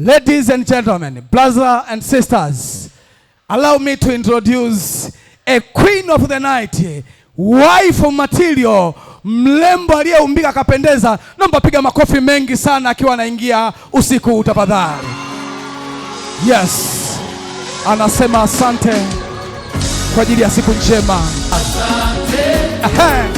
Ladies and gentlemen, brothers and sisters, allow me to introduce a queen of the night, wife of material, mlembo aliyeumbika akapendeza. Naomba piga makofi mengi sana akiwa anaingia usiku tafadhali. Yes, anasema asante kwa ajili ya siku njema. Asante.